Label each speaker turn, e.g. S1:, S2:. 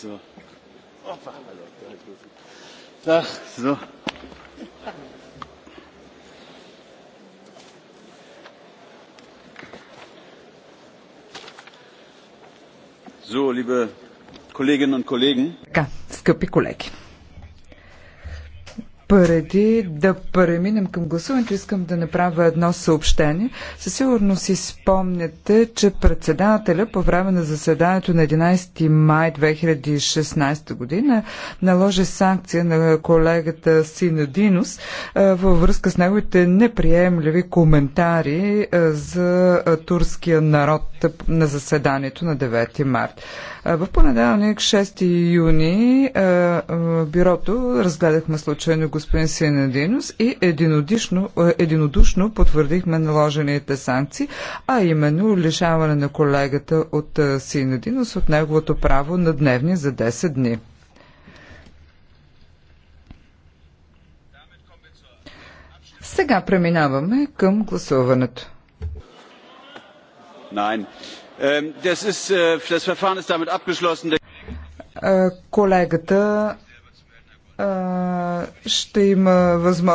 S1: So. Ach, so.
S2: So, liebe Kolleginnen und Kollegen.
S3: Така, скъпи колеги. Преди да преминем към гласуването, искам да направя едно съобщение. Със сигурност си спомняте, че председателя по време на заседанието на 11 май 2016 година наложи санкция на колегата Синадинус е, във връзка с неговите неприемливи коментари е, за турския народ на заседанието на 9 март. Е, в понеделник, 6 юни, бюрото разгледахме случайно го господин Синединус и единодушно, е, единодушно потвърдихме наложените санкции, а именно лишаване на колегата от е, Синединус от неговото право на дневни за 10 дни. Сега преминаваме към гласуването.
S4: Ähm, äh,
S3: е, колегата ще има възможност